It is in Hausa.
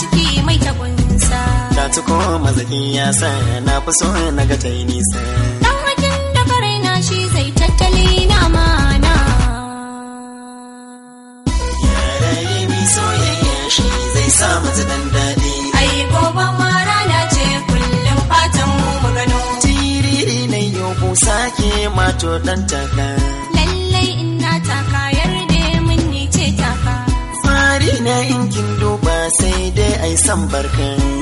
ciki mai ta kunsa ta ci ko ya sa na fi so na ga ta yi nisa dan hakin da farai na shi zai tattali na mana ya soyayya shi zai sa mata dan daɗi ai gobe ma rana ce kullum fatan mu magano tiriri na yau ko sake mato dan taka kan